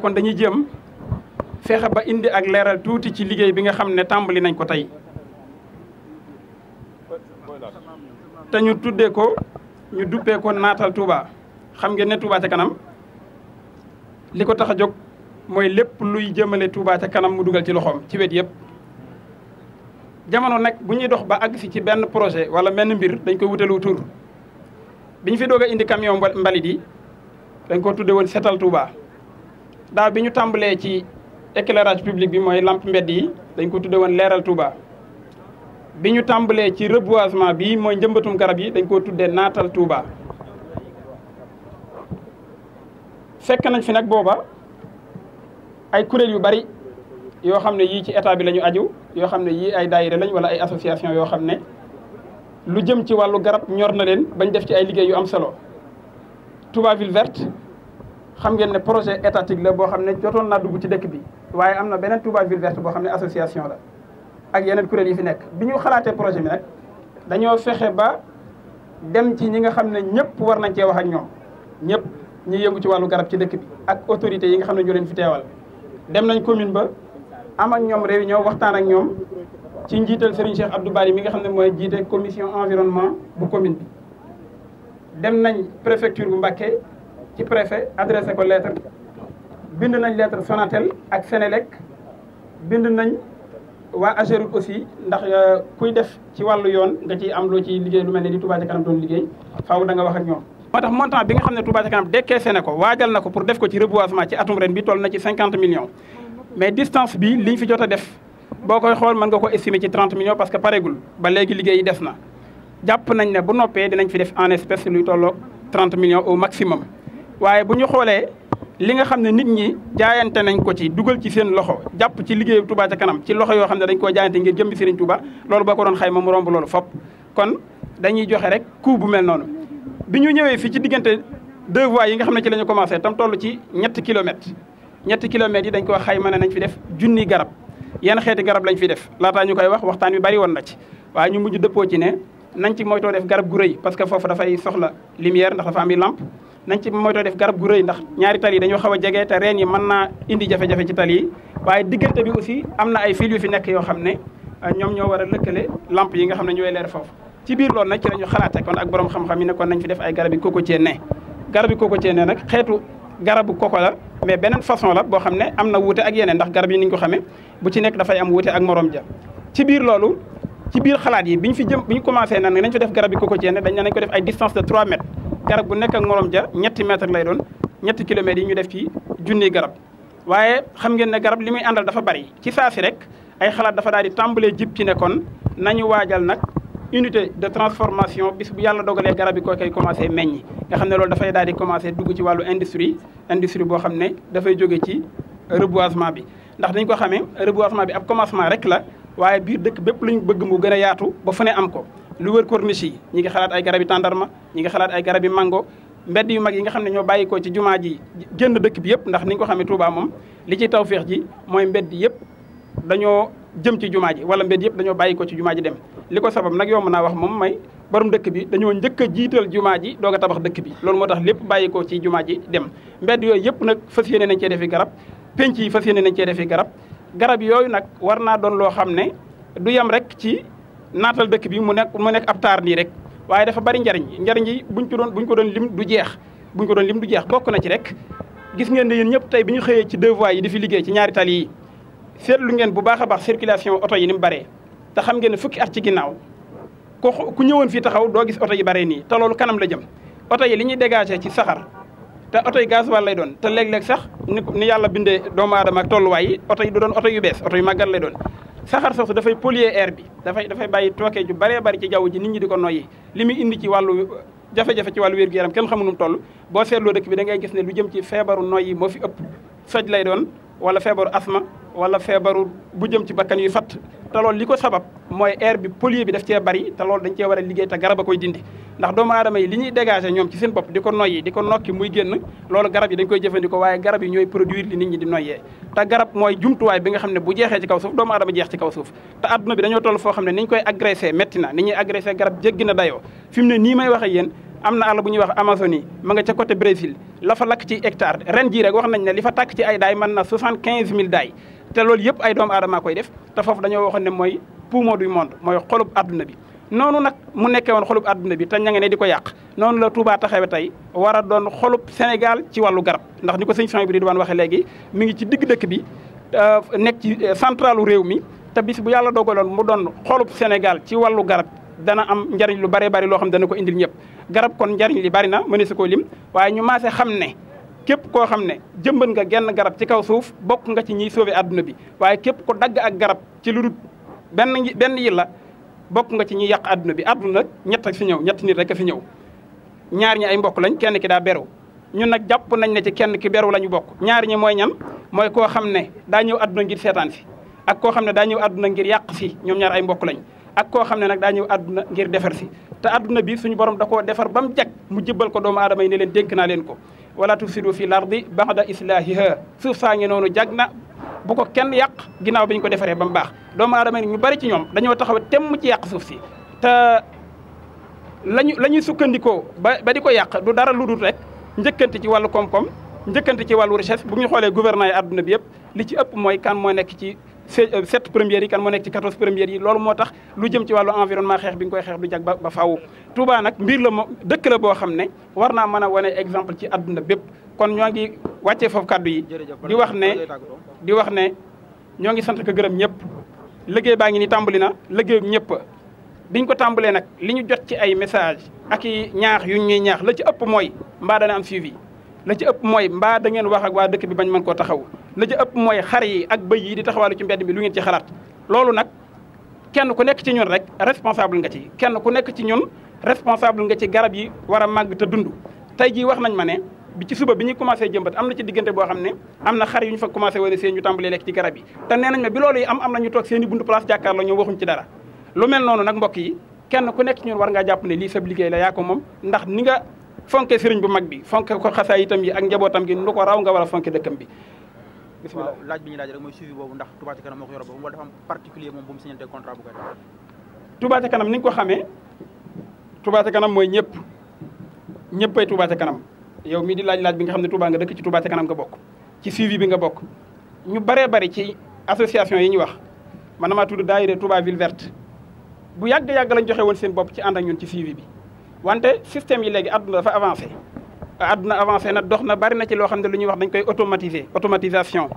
kon dañuy jëm fexe ba indi ak leeral tuuti ci liggéey bi nga xam ne tàmbali nañ ko tey te ñu tuddee ko ñu duppee ko naatal Touba xam ngeen ne Touba ca kanam li ko tax a jóg mooy lépp luy jëmale Touba ca kanam mu dugal ci loxoom ci wet yëpp. jamono nag bu ñuy dox ba àgg si ci benn projet wala benn mbir dañ koy wutalu tur bi fi doog a indi camion mbalit yi dañ ko tudde woon setal Touba daaw bi ñu tàmbalee ci éclairage public bi mooy lamp mbedd yi dañ ko tudde woon leeral Touba bi ñu tàmbalee ci reboisement bi mooy njëmbatum garab yi dañ koo tuddee naatal Touba fekk nañ fi nag booba ay kuréel yu bari yoo xam ne yii ci état bi lañu ñu aju yoo xam ne yii ay daayira lañ wala ay association yoo xam ne lu jëm ci wàllu garab ñor na leen bañ def ci ay liggéey yu am solo Touba ville verte xam ngeen ne projet étatique la boo xam ne jotoon naa dugg ci dëkk bi waaye am na beneen Touba ville verte boo xam ne association la ak yeneen kuréel yi fi nekk bi ñu xalaatee projet bi dañoo fexe ba dem ci ñi nga xam ne ñëpp war nañ cee wax ak ñoom ñëpp ñi yëngu ci wàllu garab ci dëkk bi ak autorités yi nga xam ne ñu leen fi teewal dem nañ commune ba am ak ñoom réunion waxtaan ak ñoom ci njiital Serigne Cheikh Abdou Bari mi nga xam ne mooy jiite commission environnement bu commune dem nañ préfecture bu Mbacké ci préfet adressé ko lettre bind nañ lettre Sonatel ak Sénélec bind nañ waa Ageroute aussi ndax euh, kuy def ci wàllu yoon nga ciy am loo ciy liggéey lu mel ne di Touba doon liggéey faaw da nga wax ak ñoom. moo tax montant bi nga xam ne Touba ca kanam na ko waajal na ko pour def ko ci reboisement ci atum ren bi toll na ci 50 millions mais distance bi liñ fi jot def boo koy xool mën nga ko estimer ci 30 millions parce que pareegul ba léegi liggéey des na. jàpp nañ ne bu noppee dinañ fi def en espèce luy tolloog 30 millions au maximum. waaye bu ñu xoolee li nga xam ne nit ñi jaayante nañ ko ci dugal ci seen loxo jàpp ci liggéey Touba ca kanam ci loxo yoo xam ne dañ koo jaayante ngir si Serigne Touba loolu boo ko doon xayma mu romb loolu fop kon dañuy joxe rek ku bu mel noonu bi ñu ñëwee fii ci diggante deux voies yi nga xam ne ci lañu ñu commencé tam toll ci ñetti kilomètres ñetti kilomètres yi dañ ko xayma ne nañ fi def junni garab yan xeeti garab lañ fi def laataa ñu koy wax waxtaan wi bari woon na ci waaye ñu mujj dëppoo ci ne nañ ci moytoo def garab gu rëy parce que foofu dafay soxla lumière ndax dafa am i nañ ci moytoo def garab gu rëy ndax ñaari tali yi dañoo xaw a jege te reen yi mën naa indi jafe-jafe ci tali yi waaye diggante bi aussi am na ay fil yu fi nekk yoo xam ne euh, ñoom ñoo war a lëkkale lamp yi nga xam ne ñooy leer foofu ci biir loolu nag ci lañu xalaate kon ak borom xam-xam yi ne kon nañ fi def ay garabi cocotier ne garabi cocotier ne nag xeetu garabu koko la mais beneen façon la boo xam ne am na wute ak yeneen ndax garab yi ni ñu ko xamee bu ci nekk dafay am wuute ak morom ja ci biir loolu ci biir xalaat yi biñ fi jëm biñ commencé nan nañ fi def garabi cocotier ne dañ nañ ko de garab gu nekk ak morom ja ñetti mètre lay doon ñetti kilomètres yi ñu def ci junni garab waaye xam ngeen ne garab li muy àndal dafa bari ci saa si rek ay xalaat dafa daal di tàmbalee jib ci ne kon nañu waajal nag unité de transformation bis bu yàlla dogalee garab yi koo koy commencé meññ nga xam ne loolu dafay daal di commencé dugg ci wàllu industrie industrie boo xam ne dafay jóge ci reboisement bi ndax dañ ko xamee reboisement bi ab commencement rek la waaye biir dëkk bépp lu ñu bëgg mu gën a yaatu ba fu am ko lu wër corniche yi ñi ngi xalaat ay garab yi tàndarma ñi ngi xalaat ay garab yi mango mbedd yu mag yi nga xam ne ñoo bàyyikoo ci jumaa ji génn dëkk bi yëpp ndax ni nga ko xamee Touba moom li ciy tawféex ji mooy mbedd yëpp dañoo jëm ci jumaa ji wala mbedd yëpp dañoo bàyyikoo ci jumaa ji dem li ko sabab nag yomb naa wax moom may borom dëkk bi dañoo njëkk jiital jumaa ji doog a tabax dëkk bi loolu moo tax lépp bàyyikoo ci jumaa ji dem mbedd yooyu yëpp na fas yéene nañ cee defi garab penc yi fas yéene nañ cee defi garab garab yooyu nag war naa doon loo xam ne du yem rek ci naatal dëkk bi mu nekk mu nekk ab taar nii rek waaye dafa bari njariñ njariñ yi buñ ko doon buñ ko doon lim du jeex buñ ko doon lim du jeex bokk na ci rek gis ngeen ne yéen ñëpp tey bi ñu xëyee ci deux voies yi di fi liggéey ci ñaari tali yi seetlu ngeen bu baax a baax circulation oto yi ni mu baree te xam ngeen ne fukki at ci ginnaaw ko ku ñëwoon fii taxaw doo gis oto yi baree nii te loolu kanam la jëm oto yi li ñuy dégagé ci saxaar te oto yi gasoil lay doon te léeg-léeg sax ni ni yàlla bindee doomu aadama ak oto yi du doon yu bees oto yu màggat lay doon saxaar soosu dafay polluer air bi dafay dafay bàyyi tooke ju baree bari ci jaww ji nit ñi di ko noyyi li muy indi ci wàllu euh, jafe-jafe ci wàllu wér-gu-yaram kenn xamu nu boo seetloo dëkk bi da ngay gis ne lu jëm ci feebaru noyyi moo fi ëpp soj lay doon wala feebaru asma wala feebaru bu jëm ci bakkan yu fatt te loolu li ko sabab mooy air bi pollué bi daf cee bari te loolu dañ cee war a liggéey te garab a koy dindi ndax doomu aadama yi li ñuy dégagé ñoom ci seen bopp di ko noyyi di ko nokki muy génn loolu garab yi dañ koy jëfandikoo waaye garab yi ñooy produire li nit ñi di noyyee te garab mooy jumtuwaay bi nga xam ne bu jeexee ci kaw suuf doomu aadama jeex ci kaw suuf te adduna bi dañoo toll foo xam ne ni ñu koy agressé métti na ni ñuy agressé garab jéggi na dayoo fi ne nii may wax ak yéen am na àll bu ñuy wax Amazonie nga ca côté Brésil lakk ci hectare ren jii rek wax nañ ne li fa tàkk ci ay daay mën na 75000 daay te loolu yëpp ay doomu aadama koy def te foofu dañoo waxoon ne mooy poumon du monde mooy xolub adduna bi noonu nag mu nekkee woon xolub adduna bi te ña ngi ne di ko yàq noonu la Touba taxawe tey war a doon xolub Sénégal ci wàllu garab ndax ni ko sëñ Sonia bi di doon waxee léegi mi ngi ci digg dëkk bi euh, nekk ci euh, centralu réew mi te bis bu yàlla dogaloon mu doon xolub Sénégal ci wàllu garab dana am njariñ lu bare bari loo xam dana ko indil ñëpp garab kon njariñ li bari na mëne si koo lim waaye ñu maase xam ne képp koo xam ne jëmbat nga genn garab ci kaw suuf bokk nga ci ñiy sauver adduna bi waaye képp ko dagg ak garab ci lu dul benn benn yilla bokk nga ci ñi yàq àdduna bi àdduna ñett a fi ñëw ñett nit rek a fi ñëw ñaar ñi ay mbokk lañ kenn ki daa beru ñun nag jàpp nañ ne ci kenn ki beru la ñu bokk ñaar ñi mooy ñan mooy koo xam ne daa ñëw àdduna ngir seetaan fi ak koo xam ne daa ñëw àdduna ngir yàq fi ñoom ñaar ay mbokk lañ ak koo xam ne nag daa ñëw àdduna ngir defar fi te àdduna bi suñu borom da koo defar ba mu jag mu jëbbal ko doomu aadama yi ne leen dénk naa leen ko wala tufsidu fi lardi ba'da islahiha suuf saa noonu jag na bu ko kenn yàq ginnaaw bi ñu ko defaree ba mu baax doomu aadama ñu bari ci ñoom dañoo taxaw temm ci yàq suuf si te lañu la ñuy sukkandikoo ba ba di ko yàq du dara lu dul rek njëkkante ci wàllu koom-koom njëkkante ci wàllu richesse bu ñu xoolee gouvernement yi àdduna bi yëpp li ci ëpp mooy kan moo nekk ci euh, sept premières yi kan moo nekk ci quatorze premières yi loolu moo tax lu jëm ci wàllu environnement xeex bi nga koy xeex du jag ba ba faaw Touba nag mbir la mo dëkk la boo xam ne war naa mën a wane exemple ci àdduna bépp wàccee foofu kàddu yi di wax ne di wax ne ñoo ngi sant ko gërëm ñëpp liggéey baa ngi ni tàmbali na liggéeyu ñëpp biñ ko tàmbalee nag li ñu jot ci ay message ak i ñaax yu ñuy ñaax la ci ëpp mooy mbaa dana am suivi la ci ëpp mooy mbaa da ngeen wax ak waa dëkk bi bañ mën koo taxaw la ci ëpp mooy xar yi ak bëy yi di taxawaalu ci mbedd mi lu ngeen ci xalaat loolu nag kenn ku nekk ci ñun rek responsable nga ci kenn ku nekk ci ñun responsable nga ci garab yi war a màgg te dund tey jii wax nañ ma ne bi ci suba bi ñu commencé jëmbat am na ci diggante boo xam ne am na xar yu ñu fa commencé wane seen ñu tàmbalee lekk ci garab yi te nee nañ ma bi loolu yi am am na ñu toog seen i buntu place jàkkaar la ñoom waxuñ ci dara lu mel noonu nag mbokk kenn ku nekk ñun war ngaa jàpp ne lii sab liggéey moom ndax ni nga fonke sëriñ bu mag bi fonke ko xasaay itam yi ak njabootam gi nu ko raw nga war a fonke dëkkam bi bismillah laaj bi ñu laaj rek mooy suivi boobu ndax Touba Ca Kanam moo ko yor boobu wala dafa am particulier moom Kanam ni nga xamee Touba Ca Kanam mooy ñëpp ñëppay Touba Ca Kanam yow mii di laaj-laaj bi nga xam ne Touba nga dëkk ci Touba ca kanam nga bokk ci suivi bi nga bokk ñu baree bari ci association yi ñu wax man damaa tudd daayira Touba ville verte bu yàgg yàgg lañ joxe woon seen bopp ci ànd ak ñun ci suivi bi wante système yi léegi àdduna dafa avancé adduna avancé na dox na bari na ci loo xam ne lu ñuy wax dañ koy automatiser automatisation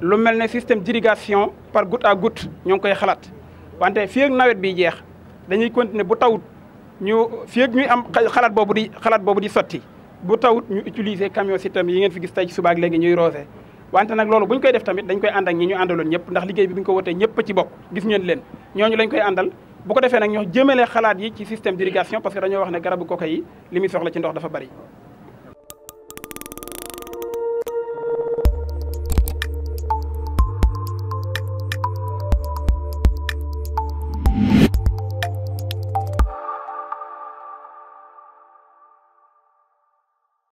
lu mel ne système d'irrigation par goutte à goutte ñoo ngi koy xalaat wante fii ak nawet bi jeex dañuy continuer bu tawut ñu fii ak am xalaat boobu di xalaat boobu di sotti bu tawut ñu utiliser camion système yi ngeen fi gis tey ci subaak léegi ñuy roose wante nag loolu bu ñu koy def tamit dañ koy ànd ak ñi ñu àndaloon ñëpp ndax liggéey bi bu ko wotee ñëpp ci bokk gis ngeen leen ñooñu lañ koy àndal bu ko defee nag ñoo jëmale xalaat yi ci système d'irrigation parce que dañoo wax ne garabu koko yi li muy soxla ci ndox dafa bari